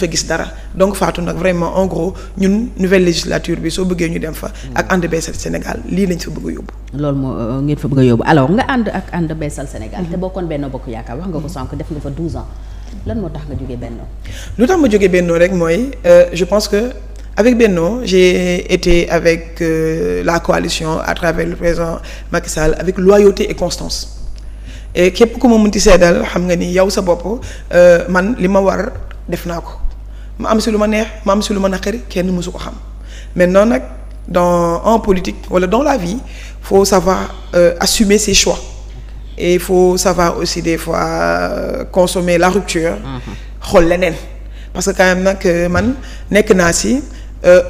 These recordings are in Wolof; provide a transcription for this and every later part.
fa gis dara donc Fatou nag vraiment en gros ñun nouvelle législature bi soo bëggee ñu dem fa. ak ànd beesal Sénégal lii lañ fa bëgg a yóbbu. loolu moo euh, ngeen fa bëgg a yóbbu alors nga ànd ak ànd beesal Sénégal. Mhm. te bokkoon Benno Bokk Yaakaar wax nga ko mhm. sànq def nga fa 12 ans lan moo tax nga jógee Benno. lu tax ma jógee Benno rek mooy euh, je pense que. avec Benno j'ai été avec euh, la coalition à travers le président Macky Sall avec loyauté et constance et képp ku ma mënti seddal xam nga ni yow sa bopp euh, man li ma war def naa ko ma am si lu ma neex ma am si lu ma naqari kenn mësu ko xam maintenant nag dans en politique wala dans la vie foo savoir euh, assumer ses choix et il savoir aussi des fois euh, consommer la rupture mhm. xool leneen parce que quand même nag euh, man nekk naa si euh,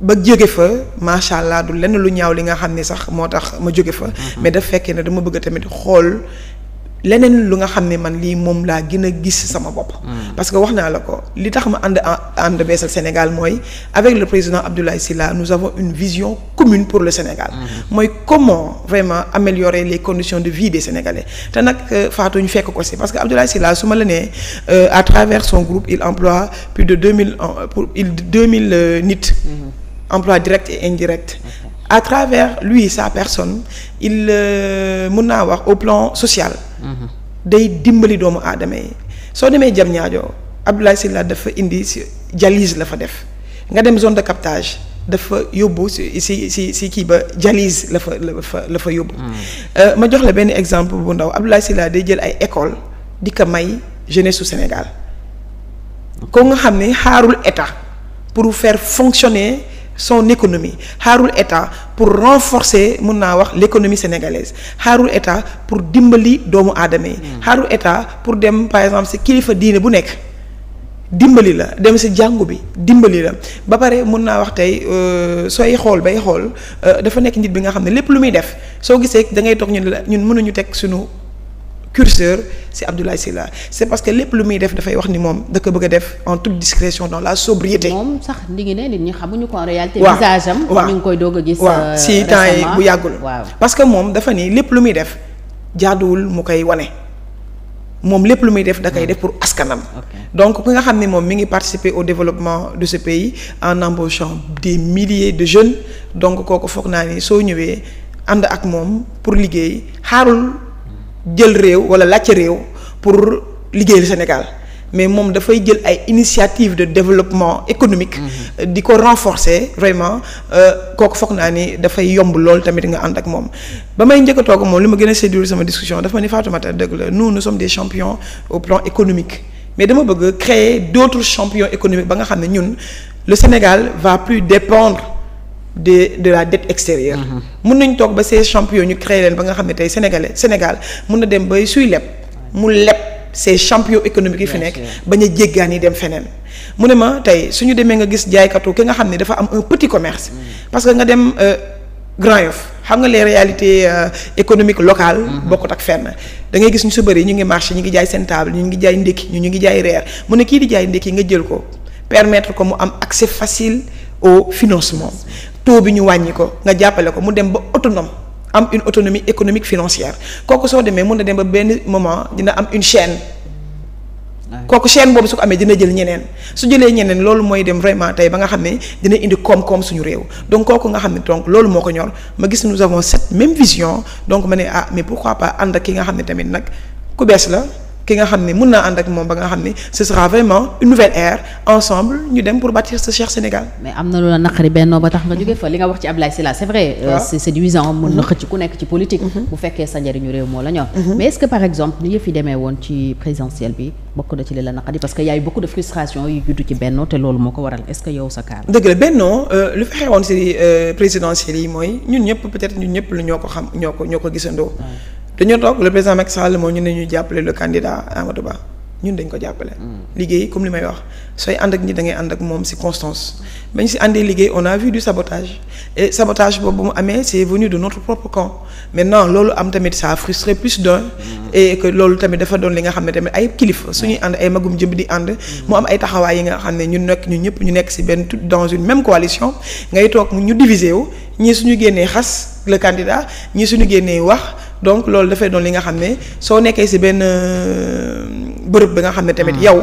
ba jóge fa macha allah du lenn lu ñaaw li nga xam ni sax moo tax ma jóge fa mhm. mais daf fekkee ne dama bëgg a tamit xool leneen lu nga xam ne man lii moom laa gën a gis sama bopp. Mm. parce que wax naa la ko li tax ma ànd ànd beesal Sénégal mooy avec le président Abdoulaye Sylla nous avons une vision commune pour le Sénégal. Mm-hmm. mooy comment vraiment améliorer les conditions de vie des Sénégalais te nag euh, Fatou ñu fekk ko si parce que Abdoulaye Sylla su ma la nee euh, à travers son groupe il emploi plus de deux mille euh, pour il deux mille nit. Mm-hmm. emploi direct et indirect. Mm-hmm. à travers lui sa personne il euh, mun naa wax au plan social. Mhm. day dimbali doomu aadama yi soo demee jam ñaajoo Abdoulaye Sylla dafa indi si dialyse la fa def nga dem zone de captage dafa yóbbu si si si si kii ba dialyse la fa la fa la yóbbu. Mhm. Euh, ma jox la benn exemple bu ndaw Abdoulaye Sylla day jël ay école di ko may jeunesse su Sénégal. ko nga xam ne xaarul état pour faire fonctionner. son économie xaarul état pour renforcer mun naa wax l'économie sénégalaise xaarul état pour dimbali doomu aadama yi. xaarul hmm. état pour dem par exemple si kilifa diine bu nekk dimbali la dem si jàngu bi dimbali la ba pare mun naa wax tey euh, sooy xool bay xool euh, dafa nekk nit bi nga xam ne lépp lu muy def soo gisee da ngay toog ñun la ñun mënuñu teg suñu curseur c'est Abdoulaye Sylla c'est parce que lépp lu muy def dafay wax ni moom da ko bëgg a def en toute discrétion dans la sobriété. moom sax léegi ko en réalité. visage koy doog a gis. waaw si euh, temps yi bu yàggul. parce que moom dafa ni lépp lu muy def jaaduwul mu koy wane. moom lépp lu muy def da koy hmm. def pour askanam. donc ki nga xam ne moom mi ngi participer au développement de ce en en embauchant des milliers de jeunes donc kooku foog naa ni soo ñëwee ànd ak moom pour liggéey xaarul. jël réew wala laajte réew pour liggéeyal Sénégal mais moom dafay jël ay initiative de développement économique. Mhm. di ko renforcer vraiment euh, kooku foog naa ni dafay yomb lool tamit nga ànd ak moom. ba may njëkk a toog moom li ma gën a séduire sama discussion dafa ma ni Fatoumata dëgg la nous nous sommes des champions au plan économique mais dama bëgg créer d' autres économique ba nga xam ne ñun le Sénégal va plus dépendre. de de la dette extérieure. Mm-hmm. mun nañ toog ba ces champions ñu créé leen ba nga xam ne tey sénégalais Sénégal mun na dem ba suy leb mu leb ces champions économiques yi fi nekk. ba ñu jéggaan yi dem feneen. mu ne ma tey suñu demee nga gis jaaykatu ki nga xam ne dafa am un petit commerce. Mm. parce que nga dem euh, Grand Yoff xam nga les réalités euh, économique locales. Mm-hmm. bokkut ak fenn da ngay gis ñu su bëri ñu ngi marché ñu ngi jaay seen ñu ngi jaay ndékki ñu ngi jaay reer mu ne kii di jaay ndékki nga jël ko permettre ko mu am accès facile au financement. taux bi ñu wàññi ko nga jàppale ko mu dem ba autonom am une autonomie économique financière kooku soo demee mun na dem ba benn moment dina am une chaîne. kooku chaine boobu su ko amee dina jël ñeneen su jëlee ñeneen loolu mooy dem vraiment tey ba nga xam ne dina indi koom-koom suñu réew donc kooku nga xam ne donc loolu moo ko ñor ma gis nous avons cette même vision donc ma ne ah mais pourquoi pas ànd ak ki nga xam ne tamit nag ku bees la. ki nga xam ni mën naa ànd ak moom ba nga xam ni ce sera vraiment une nouvelle ère ensemble ñu dem pour bâtir ce cher Sénégal. mais am na loola naqari bennoo ba tax nga jóge fa li nga wax ci Ablaye Sylla c'est vrai. Euh, waaw c'est séduisant na mhm. xëcc ku nekk ci politique. Mhm. bu fekkee sa njëriñu réew moo la ñor. Mhm. mais est-ce que par exemple ni yëf yi demee woon ci présidentielle bi bokk na ci li la naqari parce que y a eu frustration yu juddu ci bennoo te euh, euh, ñun ñëpp peut-être ñun ñëpp lu dañoo toog le président Macky Sall ñu ñun dañuy jàppale le candidat Amadou ñun dañ ko jàppale. Hmm. liggéey comme li may wax sooy ànd ak ñi da ngay ànd ak moom ci constance. ba si ci àndee liggéey on a vu du sabotage sabotage boobu mu amee c'est venu de notre propre camp maintenant loolu am tamit sa a frustré plus d'un hmm. que loolu tamit dafa doon li nga xam ne tamit ay kilifa suñuy ànd ay magum jëm di ànd. Hmm. mu am ay taxawaay yi nga xam ne ñun nekk ñu ñëpp ñu nekk si benn tout dans une même coalition ngay toog ñu diviser wu ñii suñu génnee xas le candidat ñii suñu génnee wax. donc loolu dafay doon li nga xam ne soo nekkee si benn euh, bërëb bi nga xam ne tamit hmm. yow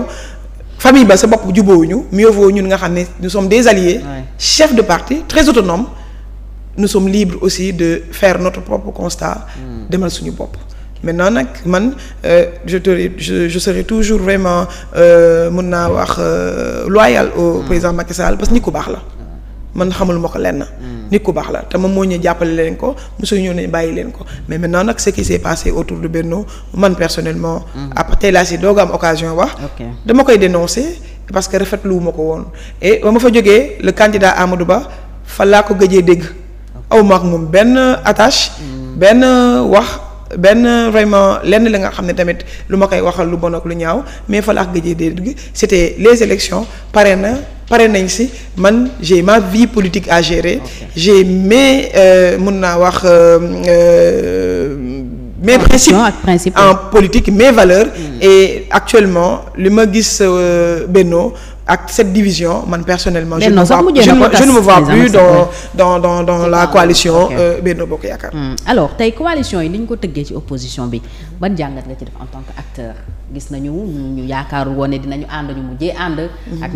famille ba sa bopp jubóowuñu mieux vaut ñun nga xam ne nous sommes des alliés ouais. chefs de parti très autonomes nous sommes libres aussi de fair notre propre constat hmm. demal suñu bopp maintenant nag man euh, je te je, je toujours vraiment euh, mën naa wax loyal au hmm. président Macky Sall parce que nit ku baax la man xamul ma ko lenn. Mm. nit ku baax la te moom moo ñu jàppale leen ko mosu ñëw nañ bàyyi leen ko mais maintenant nag ce qui s'est passé autour de Benno man personnellement. Mm. après tey laa si doog am occasion wax. dama koy dénoncer parce que rafetlu ma ko woon. ba ma fa jógee le candidat Amadou Ba fa laa ko gëjee dégg. aw ma ak moom benn attache. Mm. benn wax benn vraiment lenn la nga xam ne tamit lu ma koy waxal lu bon ak lu ñaaw mais fa laa ko gëjee dégg c'était les élections pare na. pare nañ si man j'ai ma vie politique à gérer okay. j'ai mes euh, mun naa wax euh, euh, mes principes en politique mes valeur mm. et actuellement li ma gis Benno ak cette division man personnellement je, non, vois, je, je, je ne me vois plus dans dans dans dans la coalition Benno Bokk Yaakaar mm. alors tey coalition yi li ñu ko tëggee ci opposition bi ban jàngat nga ci def en tant que acteur gis na ñu yaakaarul woon ne dinañu ànd ñu mujjee ànd mm-hmm.